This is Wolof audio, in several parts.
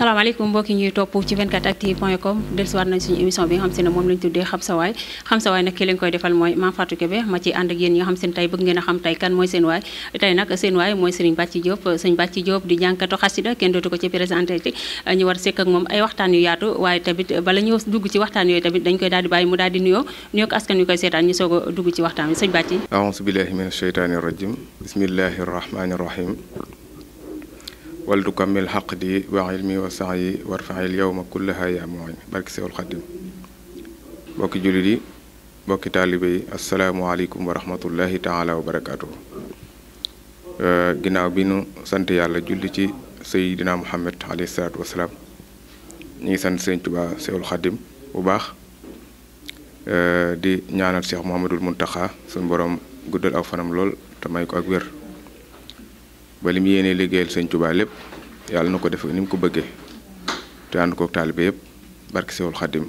salaamaaleykum mbokki ñuy topp ci 24actu point com dellusiwaat nañ suñu émission bi nga xam se ne moom lañ tuddee xam sa waay xam sa waay nag ki leen koy defal mooy Mame Fatou Kébé tey bëgg a xam tey seen waay tey seen waay mooy Serigne Bathie Diop Serigne Bathie di jànkatu xasida kenn dootu ko ci présenté ci ñu war sekk ak moom ay waxtaan yu yaatu waaye tamit bala ñu dugg ci waxtaan yooyu tamit dañ koy daal di bàyyi mu daal di nuyoo nuyoo ak askan yu koy seetaan ñu soog a dugg ci waxtaan bi Serigne Bathie aousu wal du kammil xaq di wa ilmi wa sax yi war faxil yowma kullaha yaa mooy barki sewul xaddim bokki jullit yi bokki taalibe yi asalaamualeykum wa rahmatullahi taala wa barakaatu. Euh, ginnaaw bi nu sant yàlla julli ci sayidina muhammad alayhi salaatu ngi sant sëñ Tuubaa sewul xaddim bu baax euh, di ñaanal Cheikh Mouhamadul Muntaxa suñu borom guddal aw fanam lool te may ko ak wér. ba li mu yéenee liggéeyal sëñ Tuubaa lépp yàlla na ko def ni mu ko bëggee te ànd koog taalibe yëpp barke Sewul Xaddim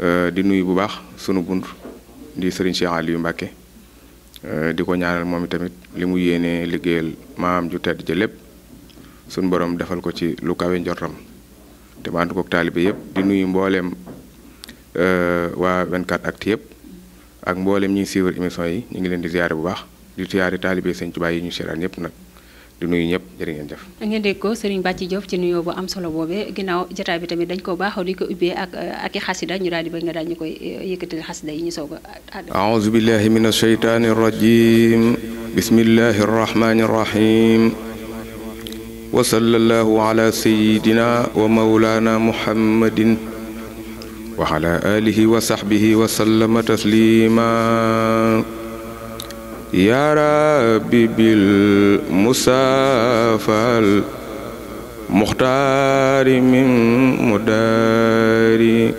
euh, di nuyu bu baax sunu bunt di sëriñ Cheikh Aliou Mbacke euh, di ko ñaanal moom tamit li mu yéenee liggéeyal maam ju tedd ja lépp sunu borom defal ko ci lu kawe njortam te mu ànd koog taalibe yëpp di nuyu mbooleem euh, waa 24 actu yëpp ak mbooleem ñi ngi suivre émission yi ñu ngi leen di ziare bu baax di ziare taalibe sëñ Tuubaa yi ñu seetaan yëpp nag. di nuyu ñëpp jërë ngeen jëf. ngeen dégg ko Serigne Bàcci Diop ci nuyoo bu am solo boobee ginnaaw jotaay bi tamit dañ ko baaxoo di ko ubbee ak ak i xasida ñu daal di bëgg nga daal ñu koy eh, yëkkatil xasida yi ñu soog a. aouzu billahi min ashaytaani rajim bismillahi rahmani rahim wa sallallahu ala sayidina wa maulana muhammadin wa ala يا ربي بالمسافل مختار من مداري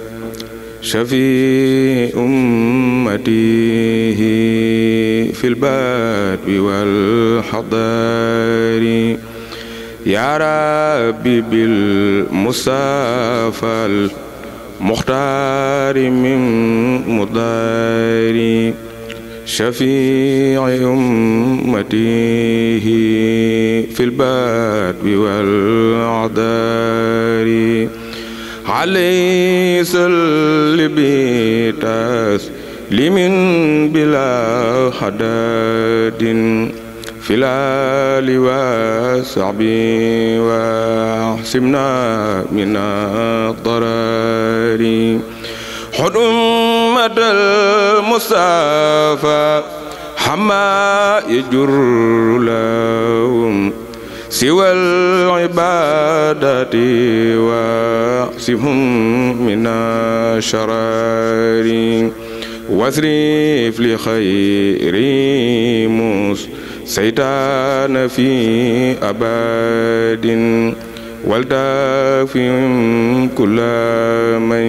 شفيع أمته في البدو والحضار يا ربي بالمسافل مختار من مداري شفيع أمته في البات والعذار عليه صل بتسليم بلا حداد في الآل وصحب واحسبنا من الضرار حلم أحمد المصطفى حما يجر لهم سوى العبادة واسهم من الشرار واصرف لخير موس سيطان في أبد ولتافي كل من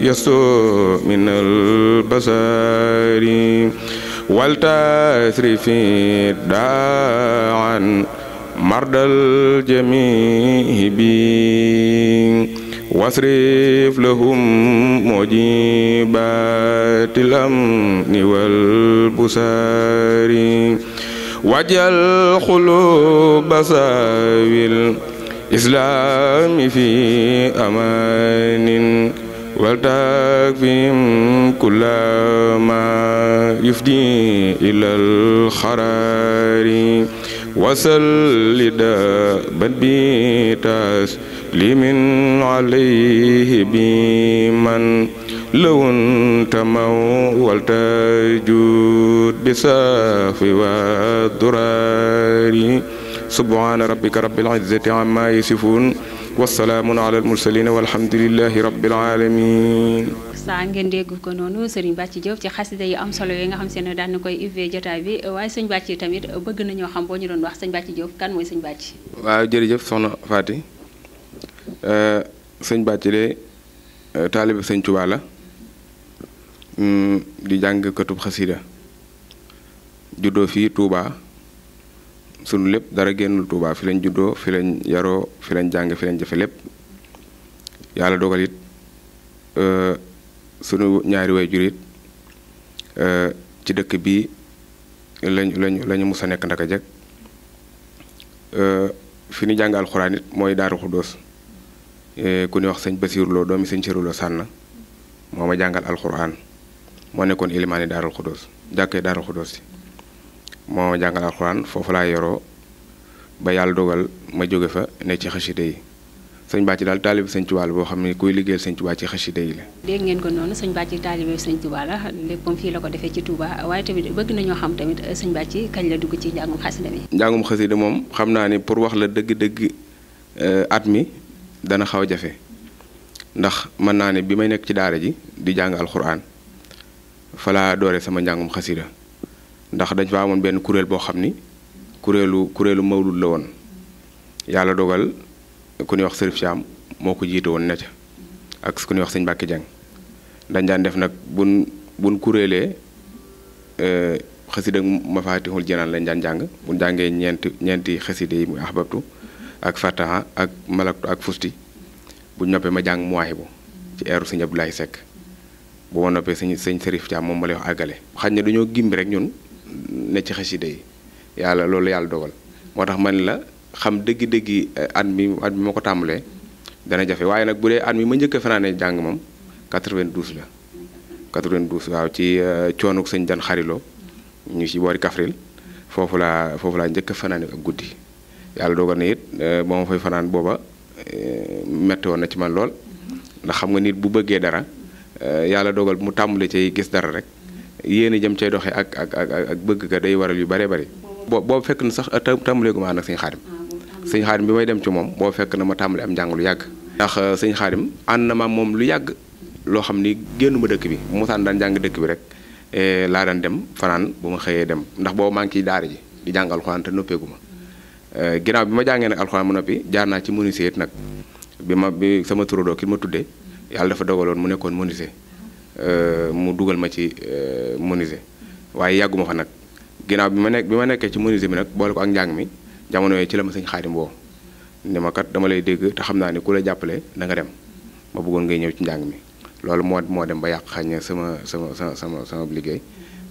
يسوء من البصر ولتسرف داعا مرضى الجميع بي واصرف لهم مجيبات الأمن والبصر واجعل قلوب ساوي الإسلام في أمان ولتكفهم كل ما يفدي إلى الخرار وسلد بد بتسليم عليه بمن لو انتموا ولتجود بساف والضرار subhaana rabbika rabbil izzati amma yasifuun wasalaamun ala almursalin walhamdulilahi rabbil alamin saa ngeen dégg ko noonu sëriñ ci Diop ci xasida yi am solo yi nga xam se ne daan na koy uve jotaay bi waaye sëñ Bàcc tamit bëgg nañoo xam boo ñu doon wax sëñ Bàcc Diop kan mooy sëñ Bàcc waaw jërëjëf soxna Faati sëñ Bàcc de euh, taalibe sëñ Tuubaa hmm, di jàng këtub xasida juddoo fii Tuubaa sunu lépp dara génnul Touba fi lañ juddoo fi lañ yaroo fi lañ jàng fi lañ jëfe lépp yàlla dogal it euh, sunu ñaari waajur it euh, ci dëkk bi lañ lañ lañu mus a nekk ndaka jekk euh, fi ñu jàng alxuraan it mooy Daaru Xuddoos ku ñuy wax sëñ Basiiru Lo doomi sëñ Sëru Lo Sànn moom ma jàngal alxuraan moo nekkoon ilimaani Daaru Xuddoos jàkkee Daaru Xuddoos si moo ma jàngal alxuraan foofu laa yoroo ba yàlla dogal ma jóge fa ne ci xasida yi sëñ Bàcci daal taalibe sëñ Tuubaa boo xam ne kuy liggéeyal sëñ Tuubaa ci xasida yi la. dégg ngeen ko noonu sëñ Bàcci taalibe sëñ Tuubaa la léppam fii la ko defee ci Tuubaa waaye tamit bëgg nañoo xam tamit sëñ Bàcci kañ la dugg ci njàngum xasida mi. njàngum xasida moom xam naa ne pour wax la dëgg-dëgg eh, at mi dana xaw a jafe ndax mën naa ne bi may nekk ci daara ji di jàng alxuraan falaa doore sama njàngum xasida ndax dañ fa amoon benn kuréel boo xam ni kuréelu kuréelu mawlud la woon yàlla dogal ku ñuy wax Sërif Caam moo ko jiite woon ne ak ku wax sëñ Mbàkke Jang dañ daan def nag buñ buñ kuréelee euh, xasida Mafaatihul Jinaan lañ daan jàng buñ jàngee ñeenti ñeenti xasida ak fataha ak malaktu ak fusti bu noppee ma jàng muwaahibu ci eeru sëñ Abdoulaye Seck bu ma noppee sëñ sëñ Sërif Caam moom ma lay wax àggale xaj na dañoo gimbi rek ñun ne ci xasida yi yàlla loolu yàlla dogal moo tax man la xam dëgg-dëggi eh, at mi at mi ma ko tàmbalee dana jafe waaye nag bu dee at mi ma njëkk a fanaanee jàng moom 92 la 92 waaw ci eh, coonuk sëñ jan xariloo ñu ci boori Kaffrine foofu laa foofu laa njëkk a fanaane ak guddi yàlla dogal na yit eh, ba ma fay fanaan booba metti woon na ci man lool ndax xam nga nit bu bëggee dara yàlla dogal mu tàmbale ci gis dara rek yéen a jëm cay doxee ak ak ak ak bëgg ga day waral yu bëree bëri. boo boobu fekk na sax ah, tàmbaleegu ma ànd ak sëñ xaarim sëñ xaarim bi may dem ci moom boo fekk na ma tàmbale am njàng lu yàgg. ndax ah, sëñ xaarim ànd na ma moom lu yàgg loo xam ni génn ma dëkk bi mosaan daan jàng dëkk bi rek eh, laa daan dem fanaan bu ma xëyee dem ndax boobu maa ngi ji di jàng alxuraan ma eh, bi ma jàngee nag alxuraan ma noppi jaar naa ci menuisier it nag bi ma bi sama turandoo ki ma tuddee yàlla dafa dogaloon mu nekkoon menuisier Euh, mu dugal ma ci euh, menuisier waaye yàgguma fa nag ginnaaw bi ma nekk bi ma nekkee ci menuisier bi nag boole ko ak njàng mi jamono yooyu ci la ma sëñ Xaadim woo ne ma kat dama lay dégg te xam naa ne ku la jàppale da nga dem ma bëggoon ngay ñëw ci njàng mi loolu moo moo dem ba yàq xañ sama sama sama sama sama liggéey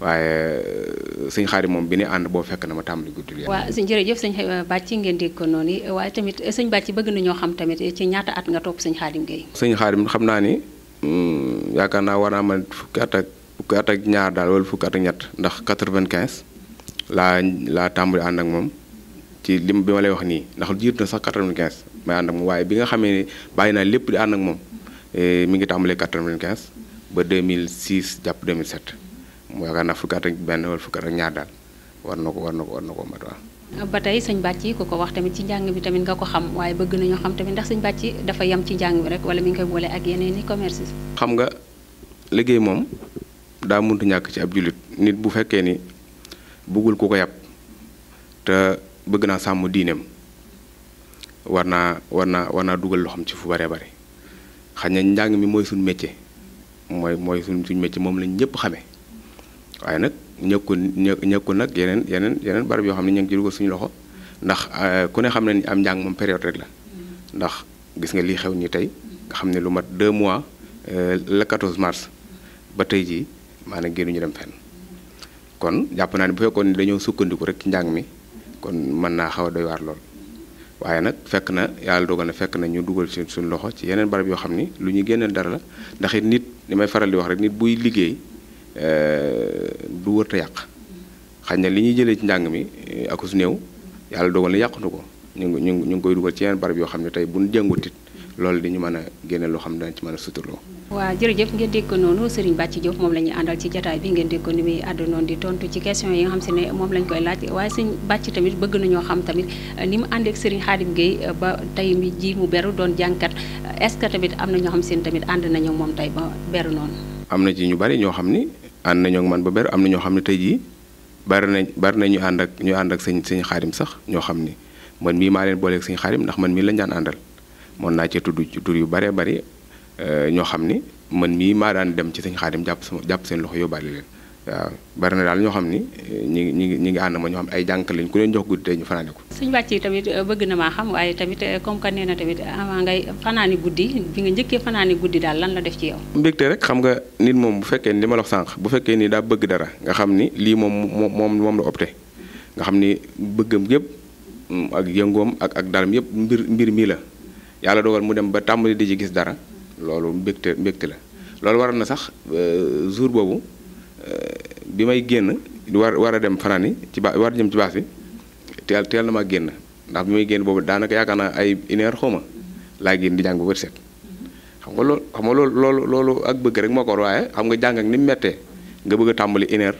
waaye euh, sëñ xaari moom bi ne ànd boo fekk na ma tàmbali guddul waaw sëñ jërëjëf sëñ bàcci ngeen dégg ko noonu waaye tamit sëñ na ñoo xam tamit ci ñaata at nga topp sëñ xaadim Gueye sëñ xaadim xam naa ni Hmm, yaakaar naa war naa mën fukki at ak fukki at ak ñaar daal wala fukki at ak ñett ndax quatre-vingt-quinze laa laa tàmbali ànd ak moom ci lim bi ma lay wax nii ndax jiitu sax quatre-vingt-quinze may ànd waaye bi nga xamee ne bàyyi naa lépp di ànd ak moom eh, mi ngi tàmbalee quatre-vingt-quinze ba 2006 jàpp 2007 mu yaakaar naa fukki at ak benn wala fukki at ak ñaar daal war na ko war na ko war ko mat waaw ba tey sëñ bàcc ku ko wax tamit ci njàng bi tamit nga ko xam waaye bëgg nañoo xam tamit ndax sëñ bàcc dafa yam ci njàng bi rek wala mi ngi koy boole ak yeneen i commerce xam nga liggéey moom daa muntu ñàkk ci nit bu fekkee ni bëggul ko ko yàpp te bëgg naa sàmm diineem war naa war naa war naa dugal loxoom ci fu bare bare xañ na njàng mi mooy suñ métier mooy mooy suñ suñ moom lañ ñëpp xame waaye nag ñëkkun ñëkkun nag yeneen yeneen yeneen barab yoo xam ne ñu ngi ci dugal suñu loxo ndax euh, ku ne xam ne ni am njàng moom période rek la ndax gis nga lii xew nii tey nga xam ne lu mat de mois euh, le 14 mars ba tey jii maanaam génnuñu dem fenn kon jàpp naa ni bu fekkoon dañoo sukkandiku rek ci mi kon mën naa xaw a doy waar lool waaye nag fekk na yàlla dogal na fekk na ñu dugal ci suñu loxo ci yeneen barab yoo xam ni lu ñuy génneel dara la ndaxit nit li may faral di wax rek nit buy liggéey. du wërta yàq xaj na li ñuy jëlee ci njàng mi eh, ak su néew yàlla dogal na yàqunu ko ñu ngi ñu ñu ngi koy dugal ci yeneen barab yoo xam ne tey bu ñu jàngut it loolu dañu mën a génne loo xam ne danañ ci mën a suturloo. waaw jërëjëf ngeen dégg ko noonu Serigne Bathie moom la ñuy àndal ci jataay bi ngeen dégg ko ni muy àddu noonu di tontu ci question yi xam si ne moom lañ koy laaj waaye Serigne Bathie tamit bëgg nañoo xam tamit eh, ni mu ànd ak Serigne Khadim Gueye eh, ba tey mi ji mu beru doon jànkat est-ce que tamit am na ñoo xam seen tamit ànd nañu moom tey ba beru noonu. am na ci ñu bari ñoo xam ni ànd nañoo ak man ba ber am na ñoo xam ne tey jii bari nañ bari nañ ànd ak ñu ànd ak sëñ sëñ xaadim sax ñoo xam ni man mii maa leen booleeg sëñ xaadim ndax man mii lañ daan àndal mën naa cee tudd tur yu baree bari euh, ñoo xam ni man mii maa daan dem ci sëñ xaadim jàpp sama jàpp seen loxo yóbbaale leen waaw bari na daal ñoo xam ni eh, ñi ngi ñi ngi ñi ngi ànd ma ñoo xam ay jànq lañ ku leen jox guddi tey ñu fanaane ko suñu wàcc yi tamit eh, bëgg na maa xam waaye tamit eh, comme que nee na tamit avant ngay fanaani guddi bi nga njëkkee fanaani guddi daal lan la def ci yow rek xam nga nit moom bu fekkee ni li sànq bu fekkee ni daa bëgg dara nga xam ni lii moom moom moom la opté nga xam ni bëggam yëpp mm, ak yëngoom ak ak dalam yëpp mbir mbir mii la yàlla dogal mu dem ba tàmbali di ci gis dara loolu mbégte mbégte la loolu waral na sax jour boobu Euh, bi may génn war war a dem fanaani ci ba war a jëm ci baas bi teel teel na maa génn ndax bi may génn boobu daanaka yaakaar naa ay une heure xawma laa génn di jàng ba bët set xam nga loolu xam nga loolu loolu loolu ak bëgg rek moo ko waaye xam nga jàng ni mu méttee nga bëgg tàmbali une heure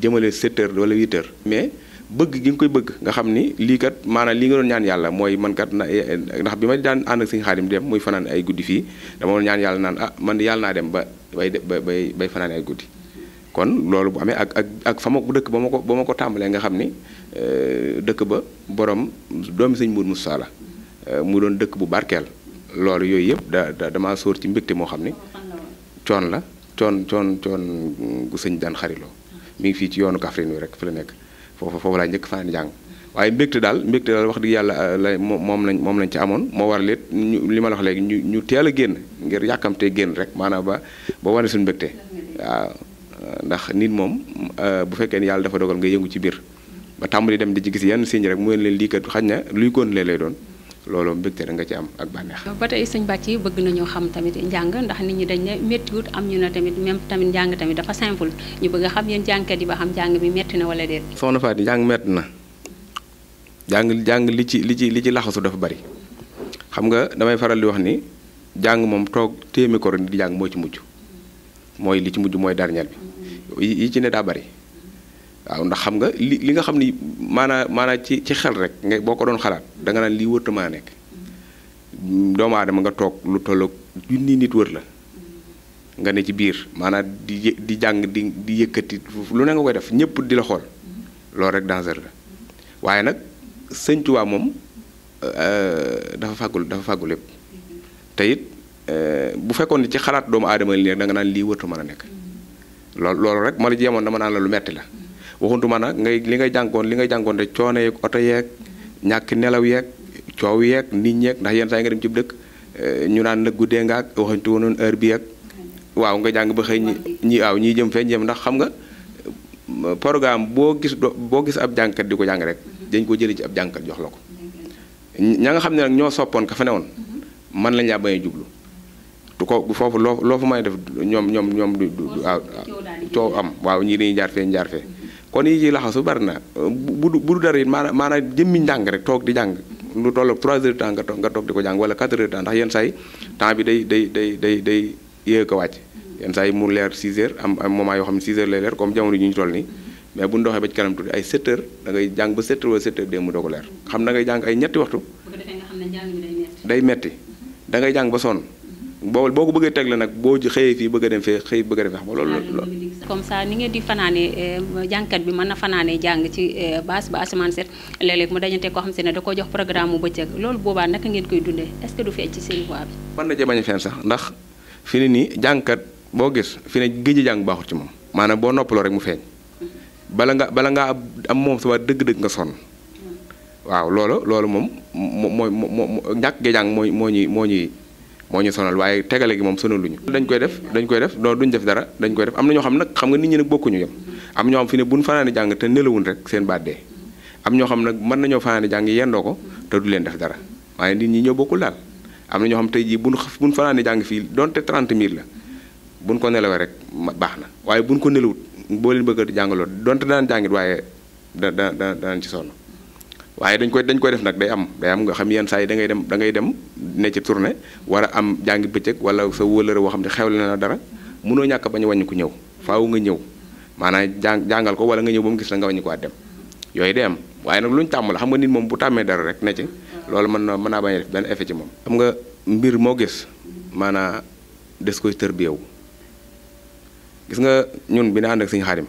jëmale 7 heures wala mais bëgg gi nga koy bëgg nga xam ni lii kat maanaam lii nga doon ñaan yàlla mooy man kat eh, ndax bi ma daan ànd ak sëñ Xaadim di dem muy fanaan ay guddi fii dama ñaan yàlla naan ah man yàlla naa dem ba bay bay bay fanaan ay guddi kon loolu bu amee ak ak ak fa ma dëkk ba ma ko ba ma ko tàmbalee nga xam ni euh, dëkk ba borom doomi sëñ Mourou Moussa la euh, mu doon dëkk bu barkeel loolu yooyu yëpp da da damaa sóor ci mbégte moo xam ni coon la coon coon coon gu sëñ daan xariloo mi ngi fii ci yoonu Kaffrine wi rek fi la nekk foofu laa njëkk faa jàng waaye mbégte daal mbégte daal wax dëgg yàlla euh, la moom lañ moom lañ ci amoon moo waral it ñu li ma la léegi ñu ñu teel a génn ngir yàkkamtee génn rek maanaam ba ba wane suñu mbégte waaw ndax nit moom euh, bu fekkee ni yàlla dafa dogal nga yëngu ci biir ba tàmbali dem di ci gis yenn signe rek mu leen leen lii kat xaj na luy continuer lay doon loolu mbégte da nga ci am ak bànneex. ba tey sëñ Bàcci bëgg nañoo xam tamit njàng ndax nit ñi dañ ne am ñu ne tamit même tamit njàng tamit dafa simple ñu bëgg a xam yéen jàngkat yi ba xam njàng bi métti na wala déet. soxna Fatou njàng métti na jàng jàng li ci li ci li ci laxasu dafa bari xam nga damay faral di wax ni jàng moom toog téeméer ko di jàng moo ci mujj mooy li ci mujj mooy dernier bi yi ci ne daa bari waaw ndax xam nga li li nga xam ni maanaa maanaa ci ci xel rek nga boo ko doon xalaat da nga naan lii wërtamaa nekk doomu aadama nga toog lu tolloog junni nit wër la nga ne ci biir maanaa di di jàng di di yëkkati lu ne nga koy def ñëpp di la xool loolu rek danger la waaye nag Sëñ waa moom euh, dafa fàggul dafa fàggul lépp te it euh, bu fekkoon ci xalaat doomu aadama li nekk da nga naan lii wërtamaa nekk loolu loolu rek ma la jéemoon dama naan la lu metti la waxuntuma nag ngay li ngay jànkoon li ngay jànkoon de coono yeeg oto yeeg ñàkk nelaw yeeg coow yeeg nit ñeeg ndax yenn saa yi nga dëkk eh, ñu naan nag guddee nga ak waxantu woon heure bi ak waaw nga jàng ba xëy ñi waaw ñiy jëm feeñ jëm ndax xam nga eh, programme boo gis boo gis ab jàngkat di ko jàng rek dañ ko jëlee ci ab jàngkat jox la ko ña nga xam ne nag ñoo soppoon ka fa newoon man lañ laa bañ a jublu du ko foofu loo loo fa may def ñoom ñoom ñoom du ah, coow am waaw ñii dañuy jaar fee ñu jaar fee mm-hmm. kon yi ci laxasu bari na euh, bu bu du dara it maanaam maanaam jëmmi njàng rek toog di jàng mm-hmm. lu toll ak 3 nga toog di ko jàng wala 4 heures temps ndax yenn saa yi temps bi day day day day day yéeg ko wàcc mm-hmm. yenn saa yi mu leer 6 heures am am moment yoo xam ne 6 heures lay leer comme jamono ji ñu toll nii mais bu ñu doxee ba ci kanam tuuti ay 7 heures da ngay jàng ba 7 wala 7 dee mu doog leer xam na ngay jàng ay ñetti waxtu. day metti. da ngay jàng ba sonn. boo boo ko bëggee tegle nag boo xëyee fii bëgg a dem fee xëy bëgg a dem fee xam nga loolu comme ça ni ngeen di fanaanee eh, jàngkat bi mën na fanaanee jàng ci eh, baas ba asamaan set léeg-léeg mu dañante koo xam se ne da ko jox programme mu bëccëg loolu boobaa naka ngeen koy dundee est ce que du feeñ ci seen voie bi mën na sax ndax fi ne nii jàngkat boo gis fi ne géej jàng baaxul ci moom maanaam boo noppaloo rek mu feeñ bala nga bala ngaa am moom sa dëgg-dëgg nga sonn hmm. waaw loolu loolu moom moo moo moo ñàkk géej jàng moo moo ñuy moo ñuy moo ñu sonal waaye tegale gi moom sonaluñu dañ koy def dañ koy def doo duñ def dara dañ koy def am na ñoo xam nag xam nga nit ñi nag bokkuñu yem am ñoo xam fi ne buñ fanaani jàng te nelawuñ seen baat am ñoo xam nag mën nañoo fanaani jàng yendoo ko te du leen def dara waaye nit ñi ñoo bokkul daal am na ñoo xam tey jii buñ buñ fanaani jàng fii donte 30 000 la buñ ko nelawee rek baax na waaye buñ ko nelawut boo leen bëgg a jàngaloo donte daan jàngit waaye da da da danañ ci sonn waaye dañ koy dañ koy def nag day am day am nga xam yenn saa yi dangay dem da ngay dem ne ci tournée wara a am jàngi bëccëg wala sa wëlëre boo xam ne xewle na dara mënoo ñàkk bañ a wàññi ko ñëw faaw nga ñëw maanaam jàng jàngal ko wala nga ñëw ba gis la nga wàññi ko dem yooyu day am waaye nag lu ñu tàmm la xam nga nit moom bu tàmmee dara rek ne ci loolu mën na mën naa bañ a def benn effet ci moom xam nga mbir moo gis maanaa des koy tër bi yow gis nga ñun bi na ànd ak suñu xaadim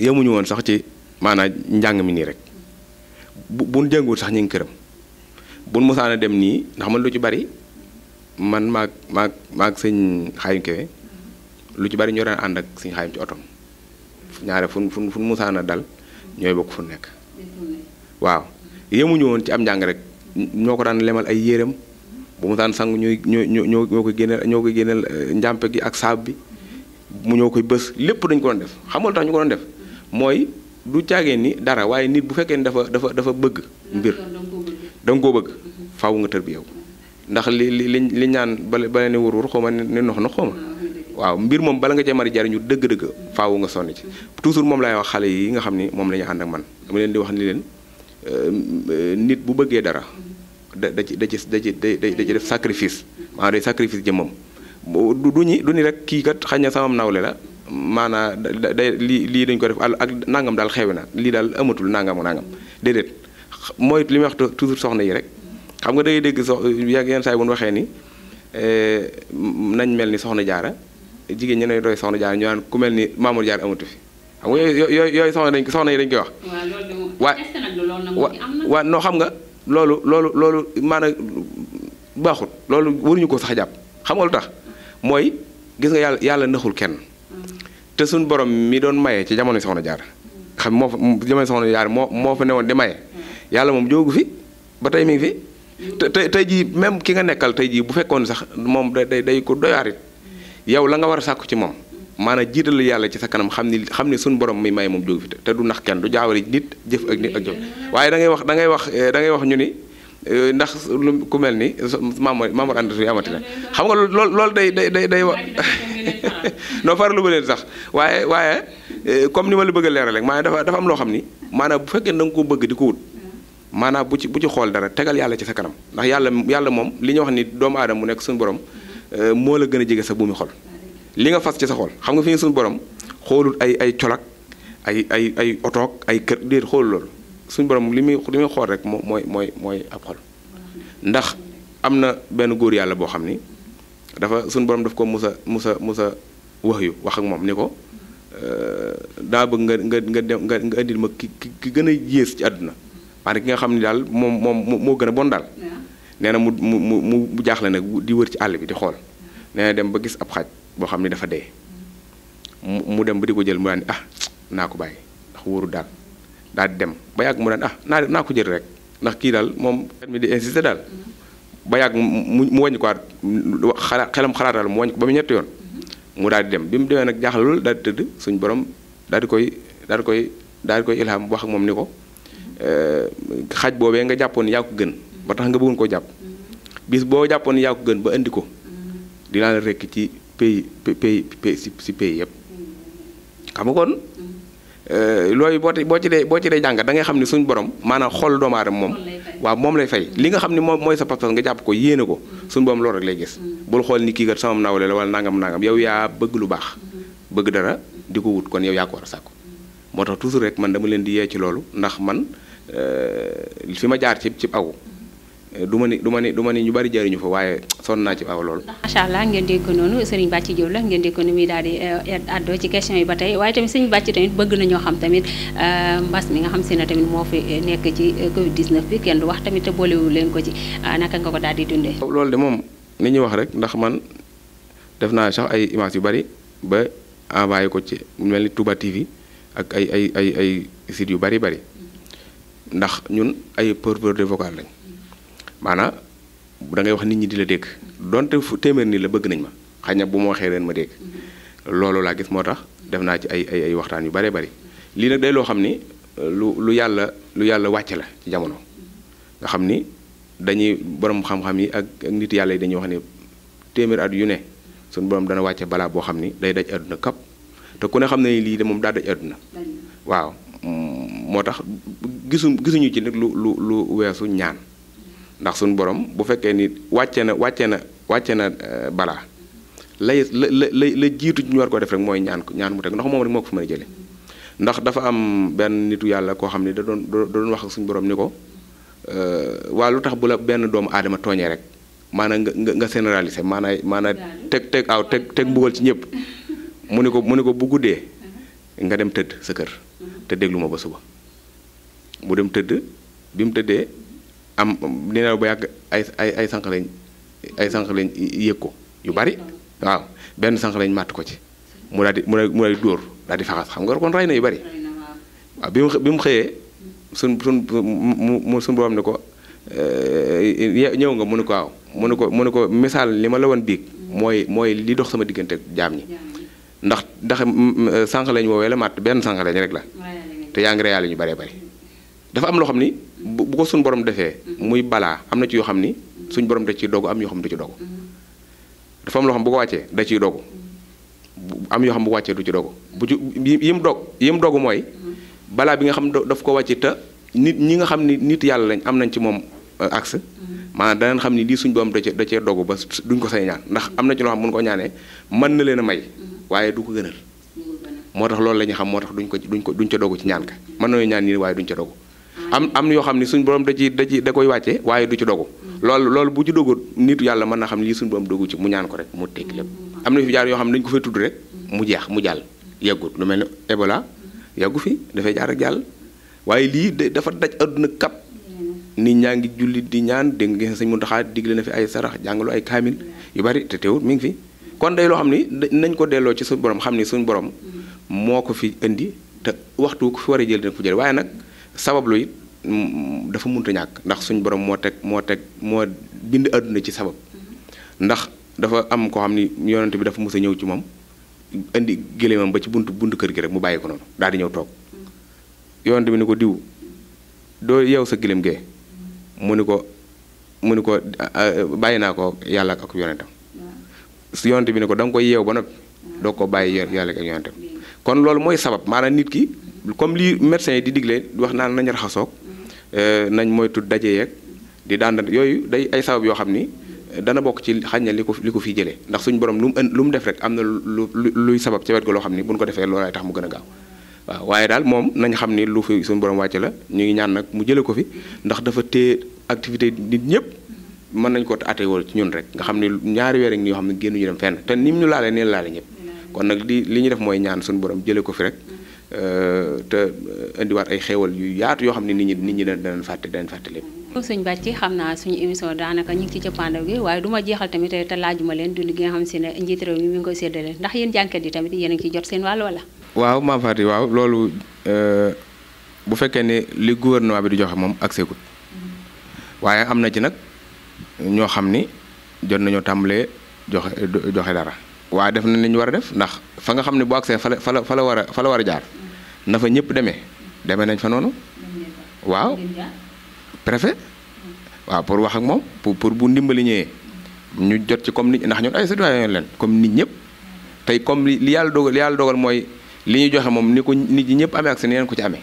yemuñu woon sax ci maanaa njàng mi nii rek bu bu jànguwul sax ñu ngi këram bu nu dem nii ndax man lu ci bari man maag maag maag sëñ xaayum kewe lu ci bari ñoo daan ànd ak sëñ xaayum ci otom ñaare fu fu fu mosaan dal ñooy bokk fu nekk. waaw yemuñu woon ci am njàng rek ñoo ko daan lemal ay yéeram bu mosaan sangu ñooy ñoo ñoo ñoo ko génneel ñoo ko génneel eh, njàmpe gi ak saab bi mu ñoo koy bës lépp dañ ko def xamul tax ñu ko doon def mooy. du caagee ni dara waaye nit bu fekkee ni dafa dafa dafa bëgg mbir da koo bëgg faaw nga tër bi yow ndax li li li ñaan bale bala ne wur wur xaw ma ne nox na xaw waaw mbir moom bala nga cee mari jariñu dëgg-dëgg faawu nga sonn ci toujours moom laay wax xale yi nga xam ni moom lañuy ànd ak man dama leen di wax ni leen euh, euh, nit bu bëggee dara da da ci da ci da ci da da ci def sacrifice maanaam day sacrifice jëmmam du ñu du ni rek kii kat xañ na sama nawle la maanaa day lii lii dañ ko def ak nangam daal xewi na lii daal amatul nangam nangam déedéet mooy li may wax toujours soxna yi rek xam nga day dégg sox yenn saa yi bu ñu waxee ni eh, nañ mel ni soxna jaara jigéen ñi ne doy soxna jaara ñu mel ni Mamour Jaara amatu fi xam nga yooyu yooyu soxna dañ soxna yi dañ koy wax. waaw noo xam nga loolu loolu loolu maana baaxut loolu waruñu ko sax a jàpp xam nga lu tax mooy gis nga yàlla yàlla naxul kenn. te suñ borom mi doon maye ci jamono soxna jaar xam moo fa jamono soxna jaar moo moo fa newoon di maye yàlla moom jógu fi ba tey mi ngi fi. te tey jii même ki nga nekkal tey jii bu fekkoon sax moom day day day ko doyaarit yow la nga war a sàkku ci moom maanaam jiital yàlla ci sa kanam xam ni xam ni suñ borom mi maye moom jógu fi te du nax kenn du jaawale nit jëf ak nit ak jëf waaye da ngay wax da eh, wax ñu ni. Euh, ndax lu ku mel ni Mamour Mamour Anta Touré amati na xam nga lool loolu day day day day noo faralu ba leen sax waaye waaye euh, comme ni ma la bëgg a leeral rek maanaam dafa dafa am loo xam ni maanaam bu fekkee da ko bëgg di ko wut maanaam bu ci bu ci xool dara tegal yàlla ci sa kanam ndax yàlla yàlla moom li ñu wax ni doomu aadama mu nekk suñu borom euh, moo la gën a jege sa buumi xol li nga fas ci sa xol xam nga fi nga suñu borom xoolul ay ay colak ay ay ay otoog ay kër déet xool loolu suñ borom li muy li muy xool rek mooy mooy mooy ab xol ndax am na benn góor yàlla boo xam ni dafa suñu borom daf ko musa musa musa wax yu wax ak moom ni ko euh, daa bëgg nga nga nga dem nga nga indil ma ki ki gën a yées ci àdduna maanaam ki nga xam ni daal moom moom moo gën a bon daal nee na mu mu mu mu jaaxle nag di wër ci àll bi di xool nee na dem ba gis ab xaj boo xam ne dafa dee mu dem ba di ko jël mu daan ah naa ko bàyyi ndax wóoru daal daal di dem ba yàgg mu daan ah naa naa ko jël rek ndax kii daal moom xel mi di insister daal ba yàgg mu mu wàññi ko waat xala xelam xalaat daal mu wàññi ko ba mu ñetti yoon mu daal di dem bi mu demee nag jaaxal loolu daal di tëdd suñu borom daal koy daal koy daal di koy ilham wax ak moom ni ko euh, xaj boobee nga jàppoon yaa ko gën ba tax nga bëggoon ko jàpp bis boo jàppoon yaa ko gën ba indi ko dinaa la rekk ci pays pays pays si pays yëpp xam kon Euh, looy boo boo ci dee boo ci dee jàngat dangay xam ne suñu borom maanaa xool doomu aadama moom waaw moom lay fay li nga xam ne moom mooy sa pas-pas nga jàpp ko yéene ko mm-hmm. suñu boom loolu rek lay gis mm-hmm. bul xool ni kii kat sama nawle la wala nangam nangam yow yaa bëgg lu baax mm-hmm. bëgg dara di ko wut kon yow yaa ko war a sàkku moo tax toujours rek man dama leen di yee ci loolu ndax man euh, fi ma jaar ci ci aw Eh, du ma ni du ma ni du ma ni ñu bari jariñu fa waaye sonn naa ci aw lool. macha allah ngeen dégg noonu Serigne Bathie Diop la ngeen dégg nu muy daal di eh, eh, àddoo ci question yi ba tey waaye tamit Serigne Bathie tamit bëgg nañoo xam tamit mbas mi nga xam si ne tamit moo fi nekk ci Covid 19 bi kenn du wax tamit te boolewu leen ko ci ah, naka nga ko daal di dundee. loolu de moom ni ñuy wax rek ndax man def naa sax ay images yu bari ba envoyé ko ci mel ni Touba TV ak ay ay ay ay sites yu bari bari mm-hmm. ndax ñun ay porteurs de vocal lañ. maanaam dangay wax nit ñi di la dégg donte fu téeméer nii la bëgg nañ ma xëy bu ma waxee leen ma dégg mm-hmm. loolu laa gis moo tax def naa ci ay ay ay waxtaan yu bare bari lii nag day loo xam ni lu lu yàlla lu yàlla wàcce la ci jamono nga xam ni dañuy borom xam-xam yi ak ak nit yàlla yi dañuy wax ni téeméer at yu ne suñu borom dana wàcce balaa boo xam ni day daj àdduna kap te ku ne xam ne lii de moom daa daj àdduna waaw moo tax gisu gisuñu ci nag lu lu lu weesu ñaan ndax suñu borom bu fekkee ni wàcce na wàcce na wàcce na euh, balaa lay la la la jiitu ñu war ko def rek mooy ñaan ko ñaan mu teg ndax moom rek moo ko fi mën a jële ndax dafa am benn nitu yàlla koo xam ne da doon da wax ak suñu borom ni ko euh, waa lu tax bu la benn doomu aadama tooñee rek maanaam nga nga généraliser maanaam maanaam teg teg aw teg teg mbugal ci ñëpp mu ni ko mu ni ko bu guddee nga dem tëdd sa kër te déglu ma ba suba mu dem tëdd bi mu tëddee. am neenaaw ba yàgg ay ay ay sànq lañ ay sànq lañ ko yu bari waaw benn sànq lañ màtt ko ci mu daal mu daal di dóor daal di faxas xam nga kon rey na yu bari waaw bi mu bi mu xëyee suñ suñ mu suñ borom ne ko eh, ñëw nga mu ne ko waaw mu ne ko mu ne ko misaal li ma la woon diig mooy mooy li dox sama diggante jaam ñi ndax ndax mm, mm, sànq lañ woowee la màtt benn sànq rek la te yaa ngi reyaale ñu baree bari dafa am loo xam ni bu ko suñu borom defee mm-hmm. muy balaa am na ci yoo xam ni suñu borom da ciy dogu am yoo xam ne da ci dogu mm-hmm. dafa am bu ko wàccee da ciy dogu mm-hmm. am yoo xam bu wàccee du ci dogu bu ci yim dog yim dogu mooy balaa bi nga xam daf ko wàcce te nit ñi nga xam ni nit yàlla lañ am nañ ci moom euh, axe maanaam danañ xam ni lii suñ borom da cee da cee dogu ba duñ ko say ñaan ndax am na ci loo xam mun ko ñaanee mën na leen a may waaye du ko gënal moo tax loolu la ñu xam moo tax duñ ko duñ ko duñ ca dogu ci ñaan ka na nañu ñaan waaye duñ ca dogu am am na yoo xam ne suñ borom da ci da ci da koy wàcce waaye du ci dogu lool loolu bu ci dogu nitu yàlla mën na xam ne suñ suñu borom ci mu ñaan ko rek mu teg lépp am na fi jaar xam ne dañu ko fay tudd rek mu jeex mu jàll yàggut lu mel ne Ebola yàggu fi dafay jaar ak waaye lii dafa daj adduna kap nit ñaa ngi julli di ñaan dégg nga sëñ Muntaxa digle na fi ay sarax jàngalu ay kaamil yu bari te teewul mi ngi fi kon day loo xam ni nañ ko delloo ci suñu borom xam ni suñ borom moo ko fi indi te waxtu ko fi war a jël dina ko jël waaye nag sabablu it dafa munta ñàkk ndax suñ borom moo teg moo teg moo bind àdduna ci sabab mm-hmm. ndax dafa am koo xam ni yonent bi dafa mus a ñëw ci moom indi géléemam ba ci bunt buntu kër gi rek mu bàyyi ko noonu ñëw toog mm-hmm. yonent bi ni ko diw doo yeew sa géléem gee mm-hmm. mu ni ko mu ni ko bàyyi naa ko yàlla ak yonentam su yonent bi ni ko danga nga koy yeew ba nag doo ko bàyyi yàlla ak yonentam kon loolu mooy sabab maanaam nit ki comme lii médecin yi di digle wax naan nañ raxasoog euh, nañ moytu daje yeeg di daan yooyu day ay sabab yoo xam ni euh, dana bokk ci xañ na li ko li ko fiy jëlee ndax suñu borom lu mu lu mu def rek am na lu luy sabab ca wet loo xam ni buñ ko defee loolaay tax mu gën a gaaw waaw waaye daal moom nañ xam ni lu fi suñu borom wàcce la ñu ngi ñaan nag mu jëlee ko fi ndax dafa téye activité nit ñëpp mën nañ ko atte woon ci ñun rek nga xam ni ñaari weer ak yoo xam ne génn ñu dem fenn te nim ñu laalee neen laale ñëpp kon nag di li ñu mooy ñaan suñu borom jëlee ko fi rek Euh, te euh, indiwaat ay xéewal yu yaatu yoo xam ne nit ñi nit ñi danañ fàtte danañ fàtte lépp. sëñ Bàcci xam naa suñu émission daanaka ñu ngi ci cappaandaw gi waaye du ma jeexal tamit te laajuma leen du li nga xam si ne njiit réew mi mi ngi koy séddale ndax yéen jànkat yi tamit yéen a ngi ciy jot waaw Maam waaw loolu euh, bu fekkee ne li gouvernement bi di joxe moom ak segut waaye am na ci nag ñoo xam ni jot nañoo tàmbalee joxe joxe dara. waa def na li ñu war def ndax fa nga xam ne boo àggsee fa la fa la fa war a fa la jaar. na fa ñëpp demee demee nañ fa noonu waaw préfet waaw pour wax ak moom pour pour bu ndimbali ñëwee ñu jot ci comme nit ndax ñun ay citoyen leen comme nit ñëpp tey comme li yàlla dogal yàlla dogal mooy li ñu joxe moom ni ko nit ñi ñëpp amee accès ni leen ko ci amee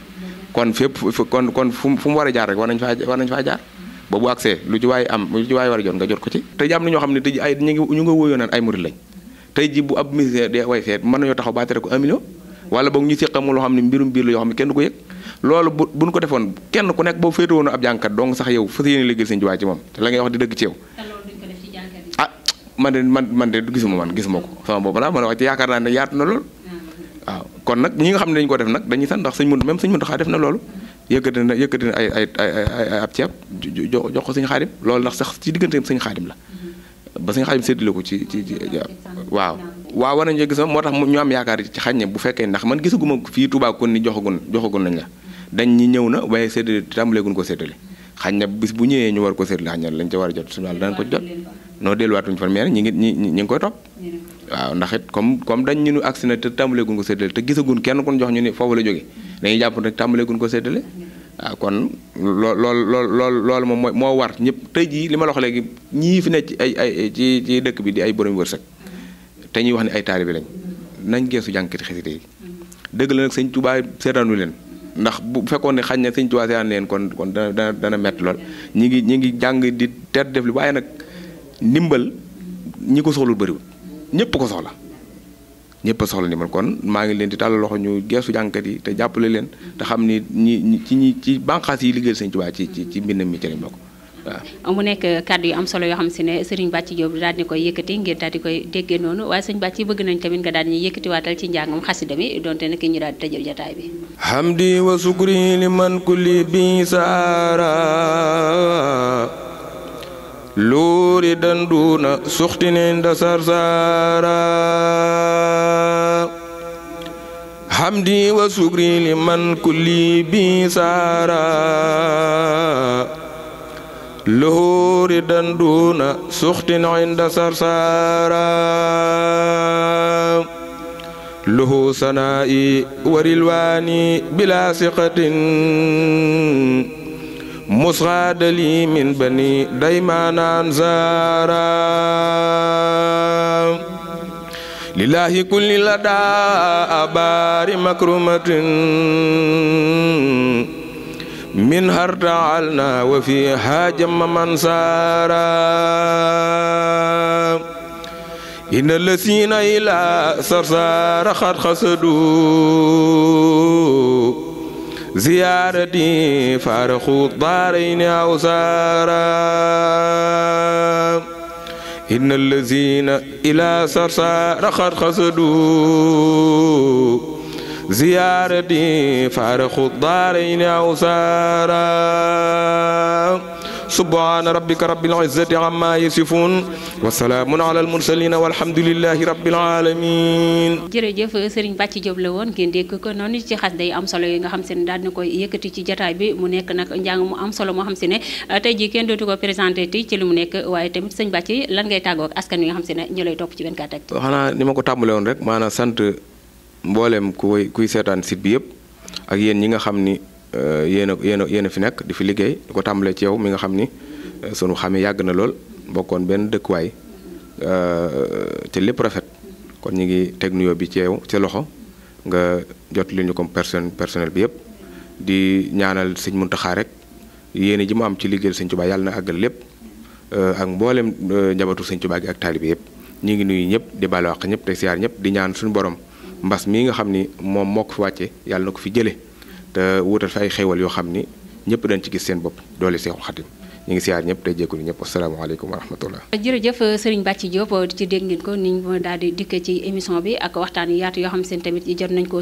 kon fépp kon kon fu mu war jaar rek war nañ faa war nañ faa lu ci waay am lu ci waay war a jot nga jot ko ci te am na ñoo xam ne tey ay ñu ngi ñu nga wóoyoo naan ay murid lañ tey ji bu ab ministère de way fee mën nañoo taxaw baatare ko un wala boog ñu séqam loo xam ne mbiru biir la yoo xam ne kenn ko yëg loolu bu buñ ko defoon kenn ku nekk boo féetewoon ab jànkat donc sax yow fas yéene liggéey sëñ Tuubaa ci moom te la ah, man de man man de gisuma man gisuma ko sama boobu laa mën a wax ci yaakaar naa ne yaatu na lool ah. waaw kon nag ñi nga xam ne dañ ko def nag dañuy sant ndax sëñ Mundu même sëñ Mundu xaa def na loolu mm-hmm. yëkkati na yëkkati na ay ay ay ab ceeb jox jox ko sëñ Xaadim loolu ndax sax ci digganteem sëñ Xaadim la mm-hmm. ba sëñ Xaadim séddale ko ci ci waaw waaw war nañu gis moo tax ñu am yaakaar ci xañ ne bu fekkee ndax man gisaguma fii Touba kon ni joxagun joxagun nañ la dañ ñi ñëw na waaye séddale tàmbaleegun ko séddale xañ na bis bu ñëwee ñu war ko séddale xañ na lañ ca war a jot suñu wàll danañ ko jot noo delluwaatuñ fan mais nag ñi ngi ñi ñi ngi koy topp waaw comme comme dañ ñu nu agsi na te tàmbaleegun ko séddale te gisagun kenn kon jox ñu ne foofu la jógee dañuy jàpp ne tàmbaleegun ko séddale waaw kon loo lool loolu moom moo war ñëpp tey jii li ma la wax léegi ñii fi nekk ci ay ay ci ci dëkk bi di ay borom wërsëg te ñuy wax ne ay taalibe lañ nañ geesu jànkati xasida yi dëgg la nag sëñ Tuubaa seetaanu leen ndax bu fekkoon ne xañ na sëñ Tuubaa seetaan leen kon kon dana dana dana lool ñi ngi ñi ngi jàng di ter def li waaye nag ndimbal ñi ko soxlul bëriwul ñëpp ko soxla ñëpp a soxla ndimbal kon maa ngi leen di tàll loxo ñu geesu jànkat yi te jàppale leen te xam ni ñi ci ñi ci bànqaas yi liggéeyal sëñ Tuubaa ci ci ci mbindam mi ci lañ bokk waaw mu nekk kàddu yi am solo yoo xam si ne sëriñ Bàcci Diop daal di koy yëkkati ngir daal di koy déggee noonu waaye sëriñ Bàcci bëgg nañ tamit nga daal di yëkkatiwaatal ci njàngam xasida mi donte nag ñu daal di tëjël jotaay bi hamdi wa sukri li man bi saara luuri danduuna suxtinin da wa sugri li man kulli bi saara luhuuri danduuna suxtin inda sarsaara luhu sanaa'i warilwaani bila siqatin musxaadali min bani daymaanaan zaara lillaahi kulli ladaa abaari makrumatin min hartaalna wa fi haajama man saara ina lasiina ila sarsaara xat xasadu ziyaarati faaraxu daarayni aw saara ina lasiina ila sarsaara xat xasadu زيارتي فارخ الدارين أوسارا سبحان ربك رب العزة عما يصفون وسلام على المرسلين والحمد لله رب العالمين jërëjëf Serigne Bathie Diop la woon ngeen dégg ko noonu ci xas day am solo yi nga xam se ne daal na koy yëkkati ci jataay bi mu nekk nag njàng mu am solo moo xam si ne tey jii kenn dootu ko présenté ti ci li mu nekk waaye tamit sëñ Bathie lan ngay tàggoo askan wi nga xam si ne ñu lay topp ci 24actu xanaa ni ma ko tàmbalee woon rek maanaam sant mbooleem ku koy kuy seetaan site bi yëpp ak yéen ñi nga xam ni euh, yéen a yéen a yéen fi nekk di fi liggéey di ko tàmbalee ci yow mi nga xam ni euh, sunu xamee yàgg na lool bokkoon benn dëkkuwaay euh, te lépp rafet kon ñu ngi teg bi ci ci loxo nga jot li ñu personne personnel bi yëpp di ñaanal sëñ Muntaxa rek yéen ji mu am ci liggéeyal sëñ Tuubaa yàlla na àggal lépp ak mboolem njabootu sëñ Tuubaa gi ak yëpp ñu ngi nuyu ñëpp di baalu àq ñëpp te siyaar ñëpp di ñaan suñu borom. mbas mii nga xam ni moom moo ko fi wàcce yàlla na ko fi jëlee te wutal fi ay xéewal yoo xam ni ñëpp dañ ci gis seen bopp doole Seexul Xadim ñu ngi siyaar ñëpp tey jégalu ñëpp asalaamaaleykum wa rahmatullah jërëjëf Serigne Bathie Diop ci dégg ngeen ko ni ñu daal di dikkee ci émission bi ak waxtaan yu yaatu yoo xam seen tamit jot nañ ko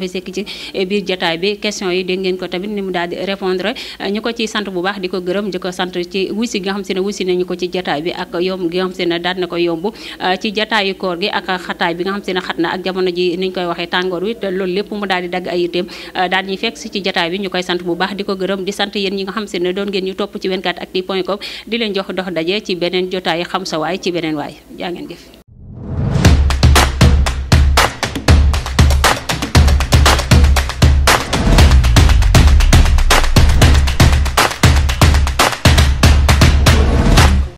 fi sekk ci biir jotaay bi question yi dégg ngeen ko tamit ni mu daal di répondre ñu ko ci sant bu baax di ko gërëm di sant ci wuy si nga xam se wuy si nañu ko ci jotaay bi ak yomb nga xam se ne ko yomb ci jotaayu koor gi ak xataay bi nga daal di dagg ay yitteem euh, daal ñuy fekk ci jotaay bi ñu koy sant bu baax di ko gërëm di sant yéen ñi nga xam se ne doon ngeen ñu topp ci 24actu point com di leen jox dox daje ci beneen jotaay xam sa waay ci beneen waay jaa ngeen jëf